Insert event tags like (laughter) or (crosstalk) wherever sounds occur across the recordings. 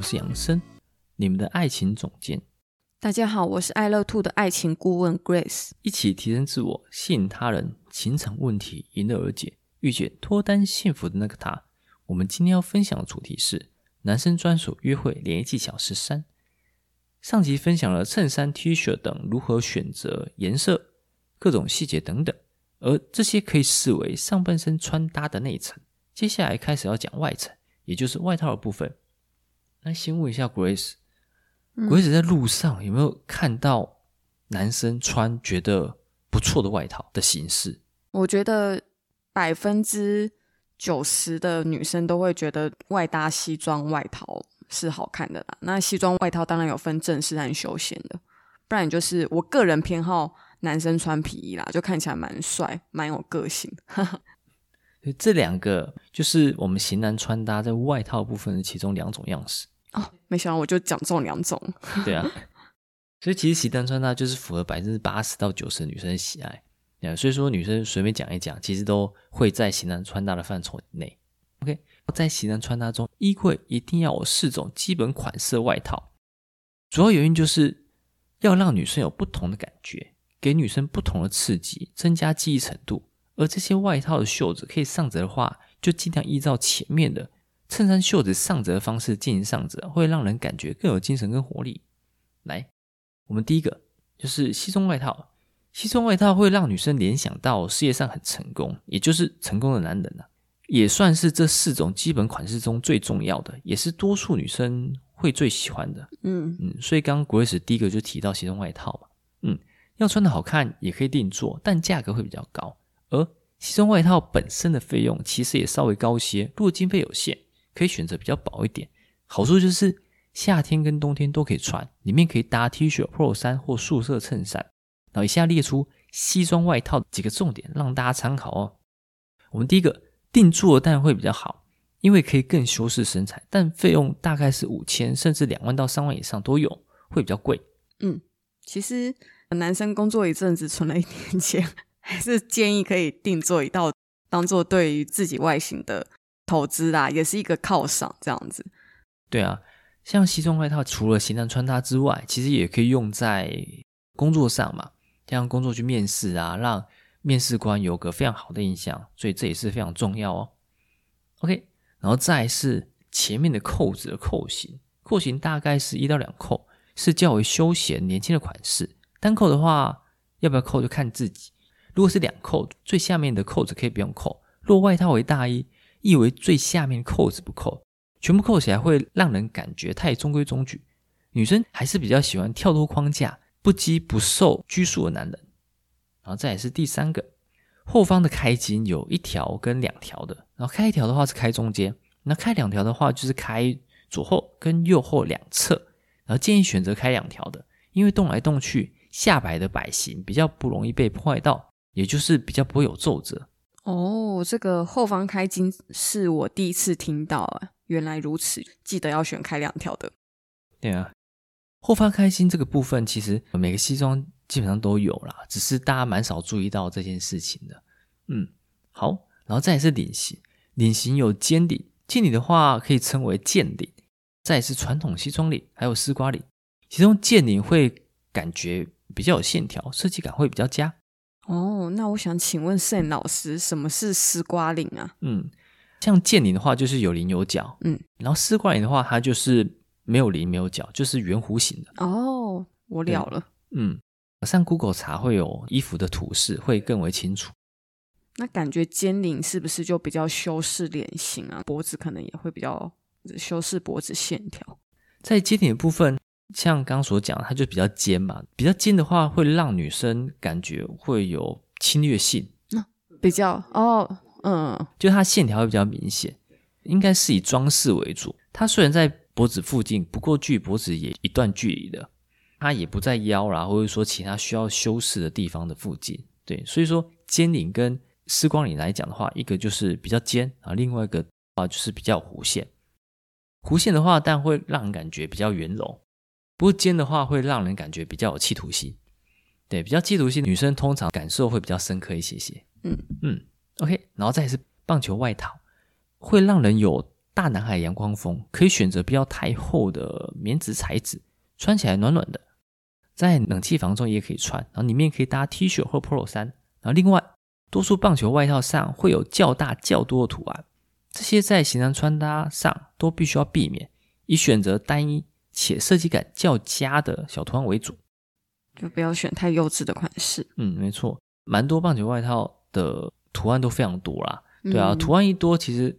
我是楊森，你們的愛情總監。大家好，我是愛樂 Two 的愛情顧問 Grace。一起提升自我，吸引他人，情場問題迎刃而解，遇見脫單幸福的那個他。我們今天要分享的主題是男生專屬約會聯誼技巧十三。上集分享了襯衫、T 恤等如何選擇顏色、各種細節等等，而這些可以視為上半身穿搭的內層。接下來開始要講外層，也就是外套的部分。那先問一下 Grace，Grace、嗯、在路上有沒有看到男生穿覺得不錯的外套的形式？我覺得百分之九十的女生都會覺得外搭西裝外套是好看的啦。那西裝外套當然有分正式和休閒的，不然就是我個人偏好男生穿皮衣啦，就看起來蠻帥、蠻有個性。哈哈，所以這兩個就是我們型男穿搭在外套部分的其中兩種樣式。哦，oh, 沒想到我就講中兩種， (laughs) 對啊，所以其實型男穿搭就是符合百分之八十到九十女生的喜愛啊，所以說女生隨便講一講，其實都會在型男穿搭的範疇內。OK，在型男穿搭中，衣櫃一定要有四種基本款式的外套，主要原因就是要讓女生有不同的感覺，給女生不同的刺激，增加記憶程度。而這些外套的袖子可以上折的話，就盡量依照前面的。襯衫袖子上折的方式進行上折，會讓人感覺更有精神跟活力。來，我們第一個就是西裝外套，西裝外套會讓女生聯想到事業上很成功，也就是成功的男人吶、啊，也算是這四種基本款式中最重要的，也是多數女生會最喜歡的。嗯嗯，所以剛剛 Grace 第一個就提到西裝外套嘛，嗯，要穿得好看也可以定做，但價格會比較高，而西裝外套本身的費用其實也稍微高些，如果經費有限，可以選擇比較薄一點，好處就是夏天跟冬天都可以穿，裡面可以搭 T 恤、polo 衫或素色襯衫。然後以下列出西裝外套的幾個重點，讓大家參考哦。我們第一個定做當然會比較好，因為可以更修飾身材，但費用大概是五千甚至兩萬到三萬以上都有，會比較貴。嗯，其實男生工作一陣子存了一點錢，還是建議可以定做一套，當做對於自己外形的。投資啦、啊，也是一個犒賞這樣子。對啊，像西裝外套，除了型男穿搭之外，其實也可以用在工作上嘛，像工作去面試啊，讓面試官有個非常好的印象，所以這也是非常重要哦。OK，然後再是前面的扣子的扣型，扣型大概是一到兩扣，是較為休閒年輕的款式。單扣的話，要不要扣就看自己。如果是兩扣，最下面的扣子可以不用扣。若外套為大衣，意為最下面扣子不扣，全部扣起來會讓人感覺太中規中矩。女生還是比較喜歡跳脫框架、不羈不受拘束的男人。然後，再來是第三個，後方的開襟，有一條跟兩條的。然後開一條的話是開中間，那開兩條的話就是開左後跟右後兩側。然後建議選擇開兩條的，因為動來動去下擺的擺型比較不容易被破壞到，也就是比較不會有皺褶。哦。我這個後方開襟是我第一次聽到啊，原來如此，記得要選開兩條的。對啊，後方開襟這個部分其實每個西裝基本上都有啦，只是大家蠻少注意到這件事情的。嗯，好，然後再是領型，領型有尖領，尖領的話可以稱為劍領，再是傳統西裝領，還有絲瓜領，其中劍領會感覺比較有線條，設計感會比較佳。哦，那我想請問 Sam 老師，什麼是絲瓜領啊？嗯，像劍領的話，就是有領有角，嗯，然後絲瓜領的話，它就是沒有領沒有角，就是圓弧形的。哦，我了了。嗯，上 Google 查會有衣服的圖示，會更為清楚。那感覺尖領是不是就比較修飾臉型啊？脖子可能也會比較修飾脖子線條，在肩領的部分。像剛所講，它就比較尖嘛，比較尖的話會讓女生感覺會有侵略性，那比較哦，嗯，就它線條會比較明顯，應該是以裝飾為主。它雖然在脖子附近，不過距脖子也一段距離的，它也不在腰啦，或者說其他需要修飾的地方的附近。對，所以說尖領跟絲光領來講的話，一個就是比較尖啊，然後另外一個啊就是比較弧線，弧線的話，但會讓人感覺比較圓柔。不尖的話，會讓人感覺比較有企圖心，對，比較企圖心。女生通常感受會比較深刻一些些。嗯嗯，OK。然後再是棒球外套，會讓人有大男孩陽光風，可以選擇不要太厚的棉質材質，穿起來暖暖的，在冷氣房中也可以穿。然後裡面可以搭 T 恤或 polo 衫。然後另外，多數棒球外套上會有較大較多的圖案，這些在型男穿搭上都必須要避免，以選擇單一。且設計感較佳的小圖案為主，就不要選太幼稚的款式。嗯，沒錯，蠻多棒球外套的圖案都非常多啦。對啊，嗯、圖案一多，其實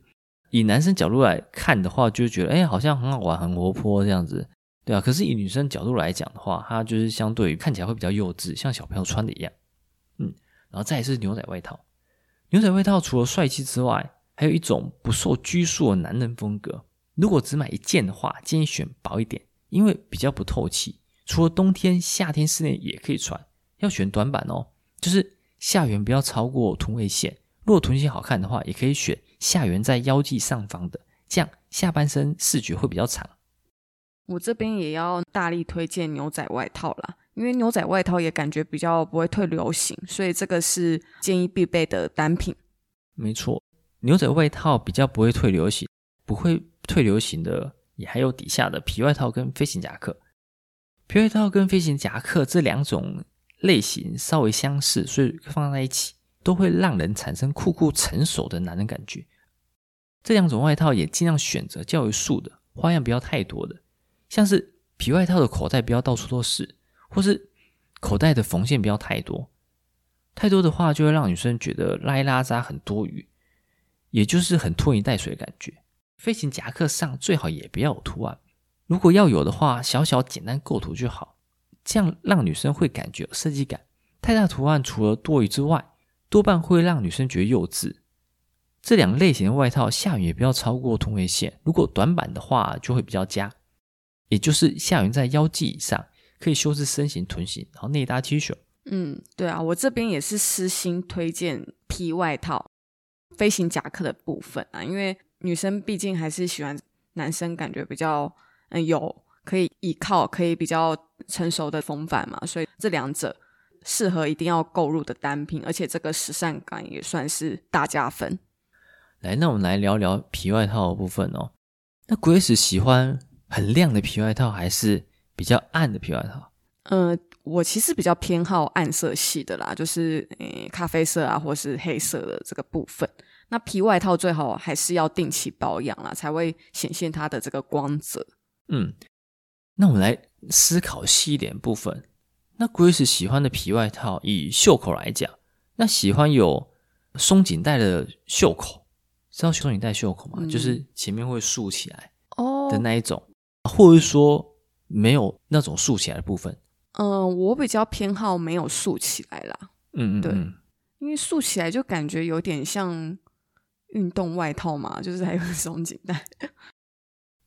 以男生角度來看的話，就覺得誒、欸、好像很好玩、很活潑這樣子。對啊，可是以女生角度來講的話，它就是相對於看起來會比較幼稚，像小朋友穿的一樣。嗯，然後再是牛仔外套，牛仔外套除了帥氣之外，還有一種不受拘束的男人風格。如果只買一件的話，建議選薄一點，因為比較不透氣。除了冬天，夏天室內也可以穿。要選短版哦，就是下緣不要超過臀位線。如果臀線好看的話，也可以選下緣在腰際上方的，這樣下半身視覺會比較長。我這邊也要大力推薦牛仔外套啦，因為牛仔外套也感覺比較不會退流行，所以這個是建議必備的單品。沒錯，牛仔外套比較不會退流行，不會。退流行的，也還有底下的皮外套跟飛行夾克。皮外套跟飛行夾克這兩種類型稍微相似，所以放在一起都會讓人產生酷酷成熟的男人感覺。這兩種外套也儘量選擇較為素的，花樣不要太多的。像是皮外套的口袋不要到處都是，或是口袋的縫線不要太多。太多的話就會讓女生覺得拉一拉扎很多餘，也就是很拖泥帶水的感覺。飛行夾克上最好也不要有圖案，如果要有的話，小小簡單構圖就好，這樣讓女生會感覺有設計感。太大圖案除了多餘之外，多半會讓女生覺得幼稚。這兩類型的外套下緣也不要超過臀圍線，如果短版的話就會比較佳。也就是下緣在腰際以上，可以修飾身形臀型，然後內搭 T 恤。嗯，對啊，我這邊也是私心推薦皮外套、飛行夾克的部分啊，因為。女生畢竟還是喜歡男生，感覺比較嗯有可以依靠，可以比較成熟的風範嘛，所以這兩者適合一定要購入的單品，而且這個時尚感也算是大加分。來，那我們來聊聊皮外套的部分哦。那 Grace 喜歡很亮的皮外套，還是比較暗的皮外套？呃，我其實比較偏好暗色系的啦，就是嗯、呃、咖啡色啊，或是黑色的這個部分。那皮外套最好還是要定期保養啦，才會顯現它的這個光澤。嗯，那我們來思考細一點部分。那 Grace 喜歡的皮外套，以袖口來講，那喜歡有鬆緊帶的袖口，知道鬆緊帶袖口嗎？嗯、就是前面會豎起來的那一種，哦、或者說沒有那種豎起來的部分。嗯、呃，我比較偏好沒有豎起來啦。嗯嗯，對，嗯嗯、因為豎起來就感覺有點像。運動外套嘛，就是還有鬆緊帶。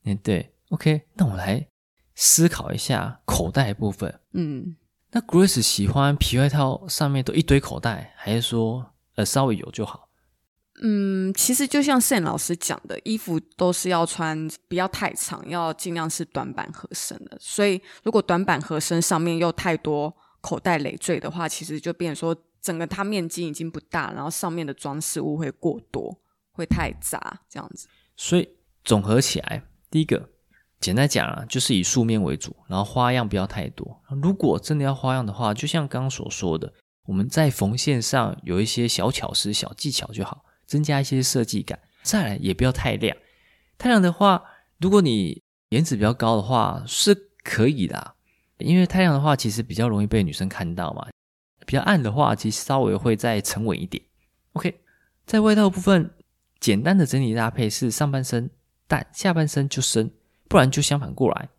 嗯，對，OK，那我來思考一下口袋的部分。嗯，那 Grace 喜歡皮外套上面都一堆口袋，還是說呃稍微有就好？嗯，其實就像 Sam 老師講的，衣服都是要穿不要太長，要儘量是短版合身的。所以如果短版合身上面又太多口袋累贅的話，其實就變成說整個它面積已經不大，然後上面的裝飾物會過多，會太雜這樣子，所以總合起來，第一個簡單講啊，就是以素面為主，然後花樣不要太多。如果真的要花樣的話，就像剛剛所說的，我們在縫線上有一些小巧思、小技巧就好，增加一些設計感。再來也不要太亮，太亮的話，如果你顏值比較高的話是可以的啊，因為太亮的話其實比較容易被女生看到嘛。比較暗的話，其實稍微會再沉穩一點。OK，在外套部分。簡單的整理搭配是上半身，但下半身就深，不然就相反過來。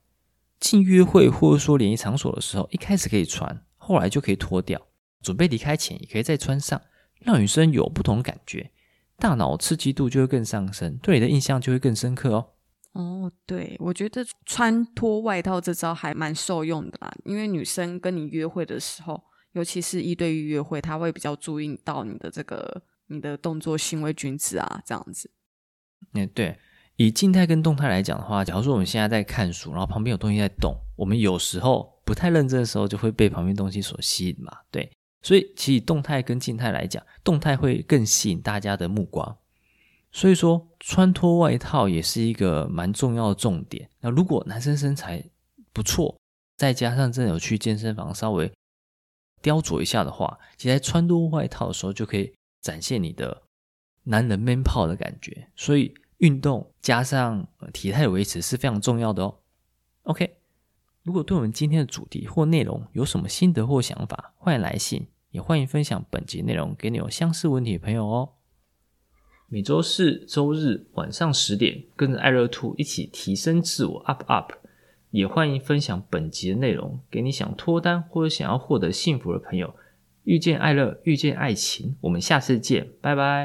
進約會或者說聯誼場所的時候，一開始可以穿，後來就可以脫掉，準備離開前也可以再穿上，讓女生有不同的感覺，大腦刺激度就會更上升，對你的印象就會更深刻哦。哦，對，我覺得穿脫外套這招還蠻受用的啦，因為女生跟你約會的時候，尤其是一對一約會，她會比較注意到你的這個。你的動作行為舉止啊，這樣子。嗯、欸，對。以靜態跟動態來講的話，假如說我們現在在看書，然後旁邊有東西在動，我們有時候不太認真的時候，就會被旁邊東西所吸引嘛。對。所以，其實動態跟靜態來講，動態會更吸引大家的目光。所以說，穿脫外套也是一個蠻重要的重點。那如果男生身材不錯，再加上真的有去健身房稍微雕琢一下的話，其實在穿脫外套的時候就可以。展現你的男人 man 泡的感覺，所以運動加上體態維持是非常重要的哦。OK，如果對我們今天的主題或內容有什麼心得或想法，歡迎來信，也歡迎分享本節內容給你有相似問題的朋友哦。每周四周日晚上十點，跟着愛熱兔一起提升自我 up up，也歡迎分享本節的內容給你想脫單或者想要獲得幸福的朋友。遇見愛樂，遇見愛情，我們下次見，拜拜。